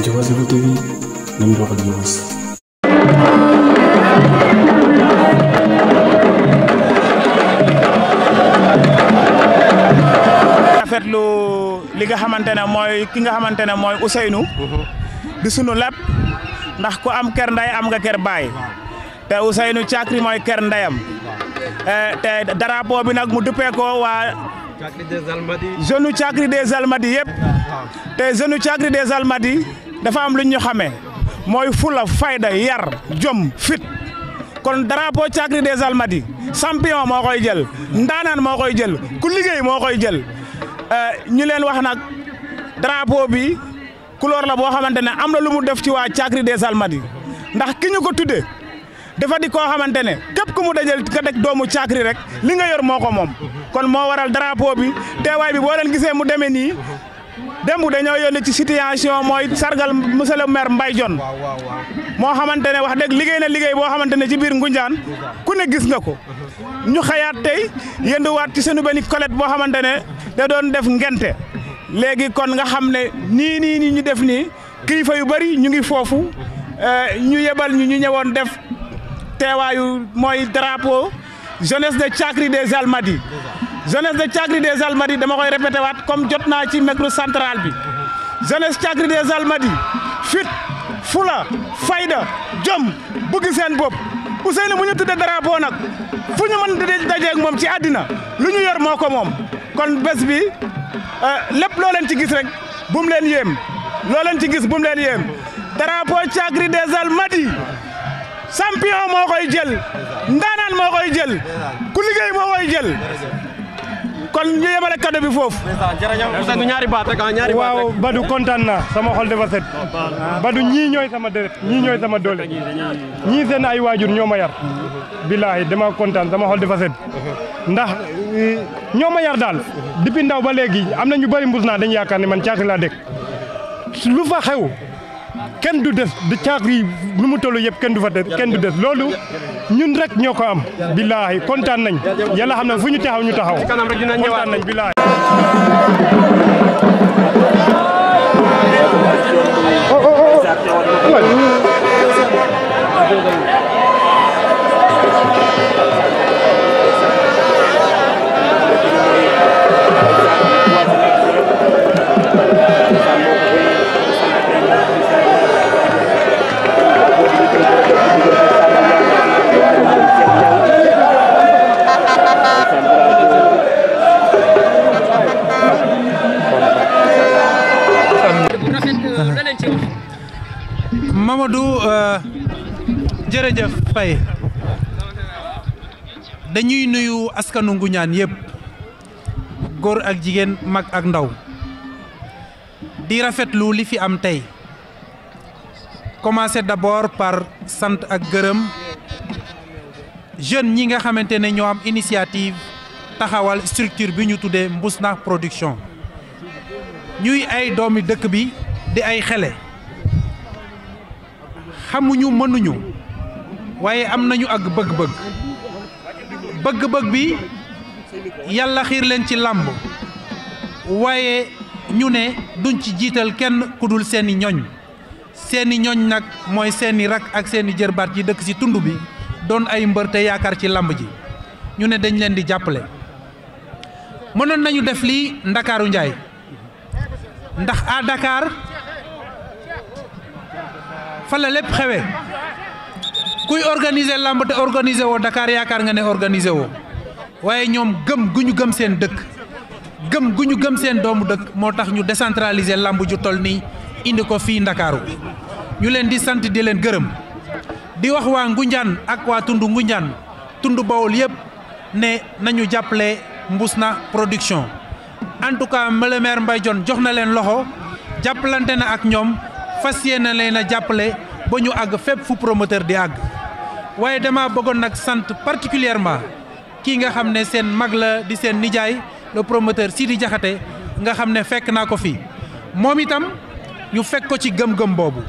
Jawa Zero TV dan Global News. rafetlu li nga xamante ne mooy ki nga xamante ne Ousseynou mhm. di sunu lépp ndax ku am ker nday am nga ker bay te Ousseynou Thiakri moy ker ndayam eh, te drapeau bi nag mu duppee ko waa jeune Thiakri des almadi yep ah, ah. te jeune Thiakri des almadi dafa am lu ñu xame mooy fula fayda yar jom fit kon drapeau Thiakry des Almadies champion moo koy jël ndaanaan moo koy jël ku liggéey moo koy jël euh, ñu leen wax nag drapeau bi couleur la boo xamante ne am na lu mu def ci waa Thiakry des Almadies ndax ki ñu ko tuddee dafa di koo xamante ne képp ku mu dajal ka deg doomu Thiakry rek li nga yor moo ko moom kon moo waral drapeau bi teewaay bi boo leen gisee mu demee nii dembu de dañoo yónni ci situation mooy sargal monsieur le maire Mbaye Dione moo xamante ne wax dëgg liggéey na liggéey boo xamante ne ci biir Ngunjaan ku ne gis nga ko ñu xayaat tey yënduwaat ci sunu benn colette boo xamante ne da doon def ngente léegi kon nga xam ne nii nii nii ñu def nii kilifa yu bari ñu ngi foofu eh, ñu yebal ñu ñu ñëwoon def teewaayu mooy drapeau jeunesse de Thiakri des Almadies jeunesse de Thiagri des Almadies dama koy répété waat comme jot naa ci micro central bi jeunesse Thiagri des Almadies fit fula fayda jom bëgg seen bopp Ousseynou bu ñu tudde drapeau nag fu ñu mën di dajeeg moom ci àddina lu ñu yor moo ko moom kon bes bi euh, lépp loo leen ci gis rek bu leen yéem loo leen ci gis bu mu leen yéem drapeau Thiagri des Almadies champion moo koy jël ndaanaan moo koy jël ku liggéey moo koy jël kon ñu yemale cadeau bi foofu. Ousseynou ñaari baat rek ah, ñaari waaw Badou kontaan naa sama xol dafa set. Oh, ah, Badou ñii ñooy sama deret ñii ñooy sama doole. ñii seen ay waajur ñoo ma yar. billahi demaa kontaan sama xol fa set. ndax eh, ñoo ma yar daal. depuis ndaw ba léegi am na ñu bëri mbus naa dañu yaakaar ne man caati laa dëkk lu fa xew. kenn du des di caaq yi nu mu toll yëpp kenn du fa des kenn du des loolu ñun rek ñoo ko am billaahi kontaan nañ yàlla xam na fu ñu taxaw ñu taxaw kontaan nañ billaahi oh oh oh Mbaye dañuy nuyu askanu Nguñaan yépp gor ak jigen mag ak ndaw di rafetlu li fi am tay commencer d'abord par sante ak gërëm jeune ñi nga xamante ne ñoo am initiative taxawal structure bi ñu tuddee Mbousnakh Production ñuy ay doomi dëkk bi di ay xalé xamuñu mënuñu waaye am nañu ak bëgg-bëgg bëgg-bëgg bi yàlla xiir leen ci làmb waaye ñu ne duñ ci jiital kenn ku dul seeni ñoñ seeni ñoñ nag mooy seeni rak ak seeni jërbaat yi dëkk ci tund bi doon ay mbër te yaakaar ci làmb ji ñu ne dañ leen di jàppale mënoon nañu def lii ndakaaru njaay ndax à Dakar fa la lépp xewe kuy organiser làmb te organiser woo Dakar yaakaar nga ne organiser woo waaye ñoom gëm gu ñu gëm seen dëkk gëm gu ñu gëm seen doomu dëkk moo tax ñu décentraliser làmb ju tol nii indi ko fii Ndakaaru ñu leen di sant di leen gërëm di wax waa Ngunjaan ak waa tund Ngunjaan tund bawul yëpp ne nañu jàppale Mbusna production en tout cas le maire jox na leen loxo jàppalante na ak ñoom fas yéene leen a jàppale ba ñu àgg fépp fu promoteur di àgg waaye dama bëggoon nag sant particulièrement kii nga xam ne seen mag la di seen nijaay le promoteur Sidi Diakhaté nga xam ne fekk naa ko fii moom itam ñu fekk ko ci gëm-gëm boobu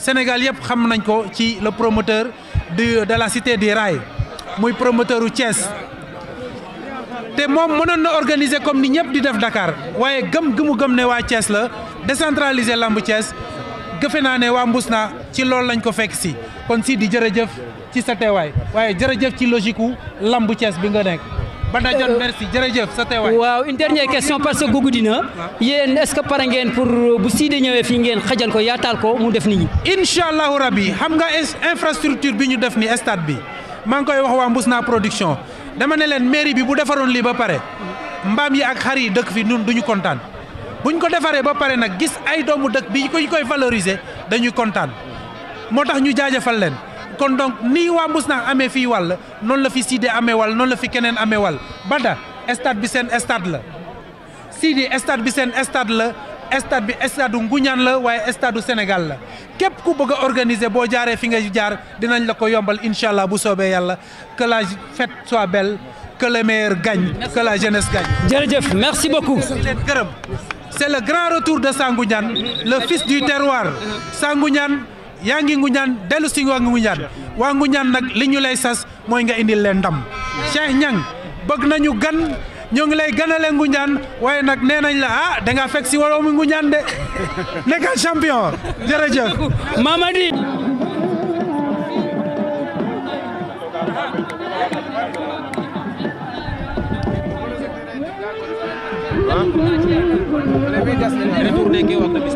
Sénégal yëpp xam nañ ko ci le promoteur de de la site du rail muy promoteur u te moom mënoon na organiser comme ni ñëpp di def dakaar waaye gëm gëmu gëm ne waa Thiès la décentraliser lamb Thiès gëfe naa ne waa naa ci loolu lañ ko fekk si kon si di jërëjëf ci sa teewaay waaye jërëjëf ci logique wu lambu Thiès bi nga nekk. Bada Dione euh, merci jërëjëf sa teewaay. waaw une dernière question parce que gugu dina. yéen est ce que pare ngeen pour euh, bu sii de ñëwee fii ngeen xajal ko yaataal ko mu def nit ñi. incha allahu rabi xam nga infrastructure bi ñu def ni stade bi maa ngi koy wax waa naa production dama ne leen mairie bi bu defaroon lii ba pare mbaam yi ak xar yi dëkk fi nun duñu kontaan buñ ko defaree ba pare nag gis ay doomu dëkk bi ñu koy valoriser dañuy kontaan. motax ñu jaajëfal kon donc ni wa musna amé fi wal la fi Sidé la fi Bada stade bi stade la stade bi stade la stade bi stade la stade Sénégal la ku bëgg organiser fi ko yombal que la fête soit belle que le meilleur gagne que la jeunesse gagne. merci beaucoup. c'est le grand retour de Sangouniane le fils du terroir yaa ngi nguñaan dellu si waa ngi nguñaan waa nguñaan nag li ñu lay sas mooy nga indil leen ndam Cheikh ñang bëgg nañu gan ñu ngi lay ganale nguñaan waaye nag nee nañ la ah da ngaa fekk si waroomu nguñaan de nekkal champion jërëjëf Mamadi retourné ke wax na bis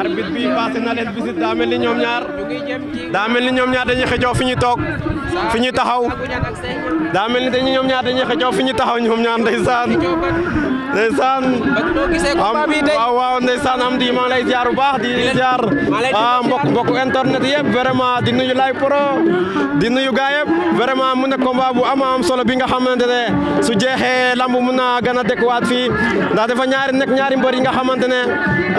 arbitre bi passé na leen visite daa mel ni ñoom ñaar daa mel ni ñoom ñaar dañuy xëjoo fi ñu toog fi ñu taxaw daa mel ni dañuy ñoom ñaar dañuy xëjoo fi ñu taxaw ñoom ñaar ndeysaan ndeysaan am waaw waaw ndeysaan am di maa ngi lay ziar bu baax di ziar mbok mbokk internet yëpp vraiment di nuyu lay pro di nuyu gaa yëpp vraiment mu ne combat bu ama am solo bi nga xamante ne su jeexee lamb mun na gën a dëkkuwaat fii ndax dafa ñaari nekk ñaari mbor yi nga xamante ne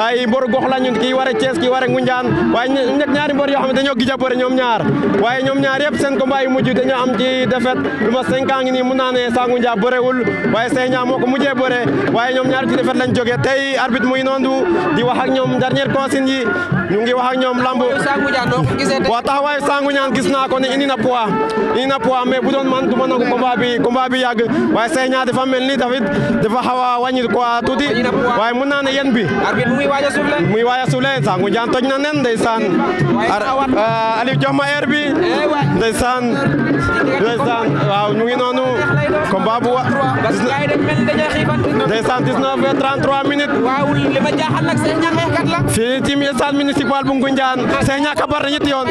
ay mbër gox la ñun kii ware Thiès kii ware Ngunjaan waaye nekk ñaari mbor yoo xam ne dañoo gija bëre ñoom ñaar waaye ñom ñaar yëpp seen combat yu mujj dañoo am ci defet lu ma cinq ans ngi nii mun naa ne saa Ngunjaan bërewul waaye Seynia moo ko mujjee bëre waaye ñoom ñaari ci defet lañ jógee tey arbitre mu ngi noonu di wax ak ñoom dernière consigne yi ñu ngi wax ak ñoom lamb waaw taxawaayu sangu ñaan gis naa ko ne indi na poids indi na poids mais bu doon man du ma nangu combat bi combat bi yàgg waaye say ñaar dafa mel ni tamit dafa xaw a wàññi quoi tuuti waaye mun naa ne yen bi mu ngi waaj a suufle mu ngi waaj a suufle sangu ñaan toj na nen ndeysaan euh, Aliou jox ma air bi eh, ndeysaan ndeysaan waaw ñu ngi noonu combat bu wa. parce que gars yi dañu mel ni dañoo xiifante. 219 et 33 minutes. waaw li ma jaaxal nag seen ñàkk xeexkat la. fii ci stade municipal bu Ngoundiane. Ah. seen ñàkk bar na ñetti yoon.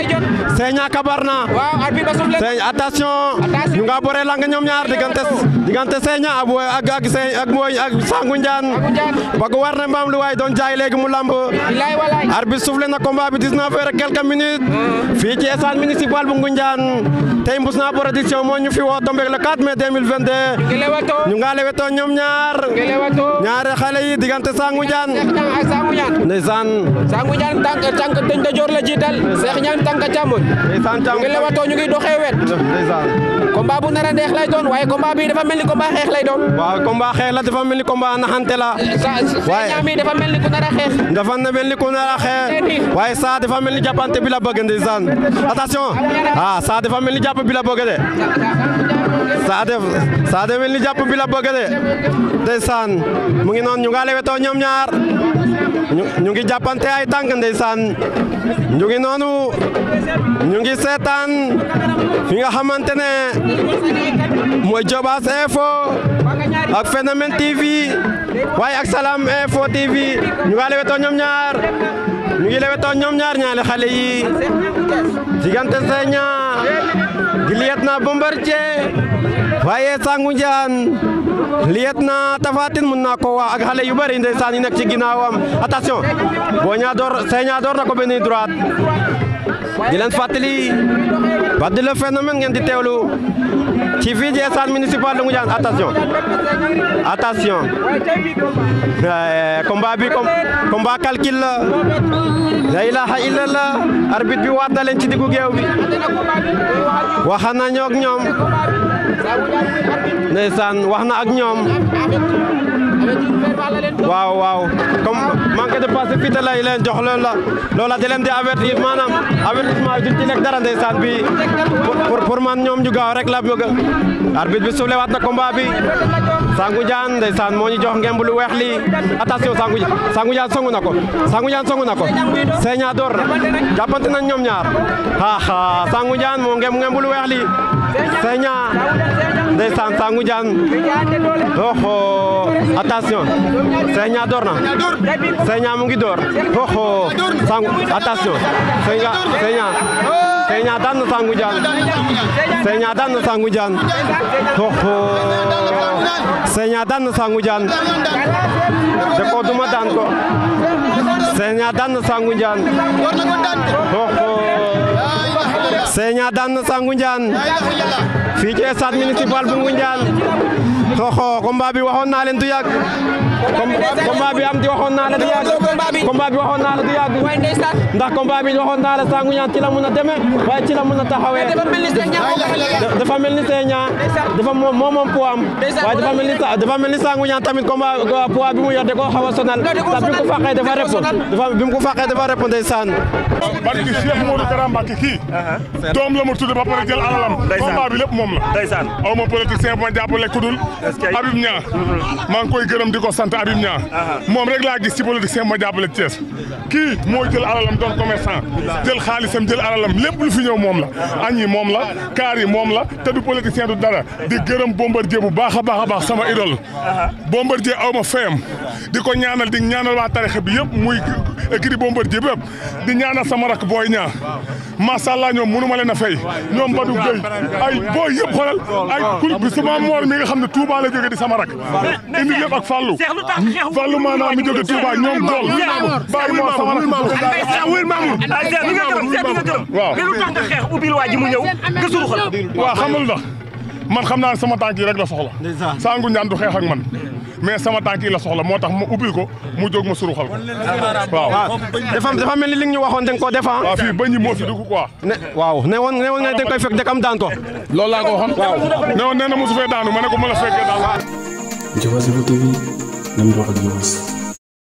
seen ñàkk bar na. waaw arbitre ba soufflé. seen attention. ñu nga boree lang ñoom ñaar diggante diggante seen ña ak ak seen ak mooy ak saa Ngoundiane. ba ko war na mbaam lu waay doon jaay léegi mu lamb. bilaay walaay. arbitre soufflé na combat bi 19 heures et quelques minutes. Mm. fii ci stade municipal bu Ngoundiane. tey Mbusnaa production moo ñu fi woo tombeeg le 4 mai 2020. 2022 ñu nga leweto ñoom ñaar ñaari xale yi diggante Sangu Njaan ndeysaan Sangu Njaan tànk tànk ndijoor la jiital Cheikh Njaan tànk càmmoñ ñu ngi leweto ñu ngi doxee wet combat bu nara neex lay doon waaye combat bi dafa mel ni combat xeex lay doon waaw combat xeex la dafa mel ni combat naxante la waaye ñaami dafa mel ni ku nara xeex dafa mel ni ku nara xeex waaye saa dafa mel ni jàppante bi la bëgg ndeysaan attention ah saa dafa mel ni jàpp bi la bëgg de Saatef Saatef mel ni jàpp bi la bëgg mu ngi noonu ñu nga lewetoo ñoom ñaar ñu ngi jàppante ay tànk saan ñu ngi noonu ñu ngi seetaan fi nga xamante ne mooy Diobass Info ak Phénomène TV waaye ak salaam Info TV ñu nga lewetoo ñoom ñaar ñu ngi lewetoo ñoom ñaar ñaari xale yi diggante Senya di liet na Bombardier waaye sangu njaan liyet na tafaatin mun naa ko waa ak xale yu bëri ndeysaan yi nekk ci ginnaawam attention boo ñaadoor see na ko benn droite di leen fàttali Patte de le Phénomène ngeen di teewlu ci fii di stade municipal de Ngoundiane attention attention eh, combat bi combat calcul la la ilaha arbitre bi waat na leen ci diggu géew bi wax na ñoog ñoom ndeysaan wax na ak ñoom waaw waaw comme manque de passé la te lay leen jox loolu la loola di leen di avertir maanaam avertissement bi duñ ci nekk dara ndeysaan bi pour pour man ñoom ñu gaaw rek la bëgg arbitre bi soufflé waat na combat bi Sangu Jaan ndeysaan moo ñu jox ngemb lu weex lii attention Sangu Sangu Jaan songu na ko Sangu Jaan songu na ko Seeña door jàppante nañ ñoom ñaar aa Sangu Jaan moo ngemb ngemb lu weex lii Seeña ndeysaan Sangu Jaan oho attention Sëñ Ñaa mu ngi door oho sangu attention Sëñ daan na sangu jaan Sëñ daan na sangu jaan oho daan na sangu jaan da daan na sangu jaan fii ci stade municipal bu Ngoundiane Sokho combat bi waxoon naa leen du yàgg. combat bi am di waxoon naa la du yàgg. combat bi waxoon naa la du yàgg. ndax combat bi waxoon naa la Sango Niang ci la mun a demee waaye ci la mun a taxawee. dafa mel ni Sèye Niang dafa moom moom poids am waaye dafa mel ni dafa mel ni Sango Niang tamit combat poids bi mu yor da koo xaw a sonal. ndax bi mu ko fàqee dafa répondre dafa bi mu ko fàqee dafa répondre ndeysaan. barki Cheikh Modou Kara Mbacké kii uh-huh. doom la mu tudd ba pare jël alalam combat bi lépp moom la ndeysaan aw ma politicien bu ma jàppale ku dul Habib Niang maa ngi koy gërëm di ko sant Habib Niang moom rek laa gis ci politicien ma jàppale Thiès kii moo jël alalam doon commerçant jël xaalisam jël alalam lépp lu fi ñëw moom la añ moom la kaar yi moom la te du politicien du dara di gërëm Bombardier bu baax a baax a baax sama idole Bombardier aw ma fayam di ko ñaanal di ñaanal waa tarixa bi yëpp muy écrit Bombardier bépp di ñaanal sama booy ñaa macha allah ñoom mënu ma leen a fay ñoom Badou Gueye ay booy yëpp xoolal ay kul bi suma moor mi nga xam ne Touba la jóge di sama rak indi yëpp ak Fallou Fallou maanaam mi jóge Touba ñoom dool bàyyi moo sama rak wér Mamour li nga gërëm seet li nga gërëm waaw waa ji mu man xamna sama tanki rek la soxla sangu ñaan du xex ak man mais sama tanki la soxla motax mu ma ubbil ko mu jóg ma suru ko waaw dafa dafa mel li ñu waxoon da nga koo waaw fii bañ ñi fi dugg quoi waaw ne woon ne woon nga koy fekk dëkk am daan ko loolu ko waxoon waaw ne woon nee na mosu fee daanu ma ko mën a fekkee daanu Diawazé TV nañ wax ak Diawazé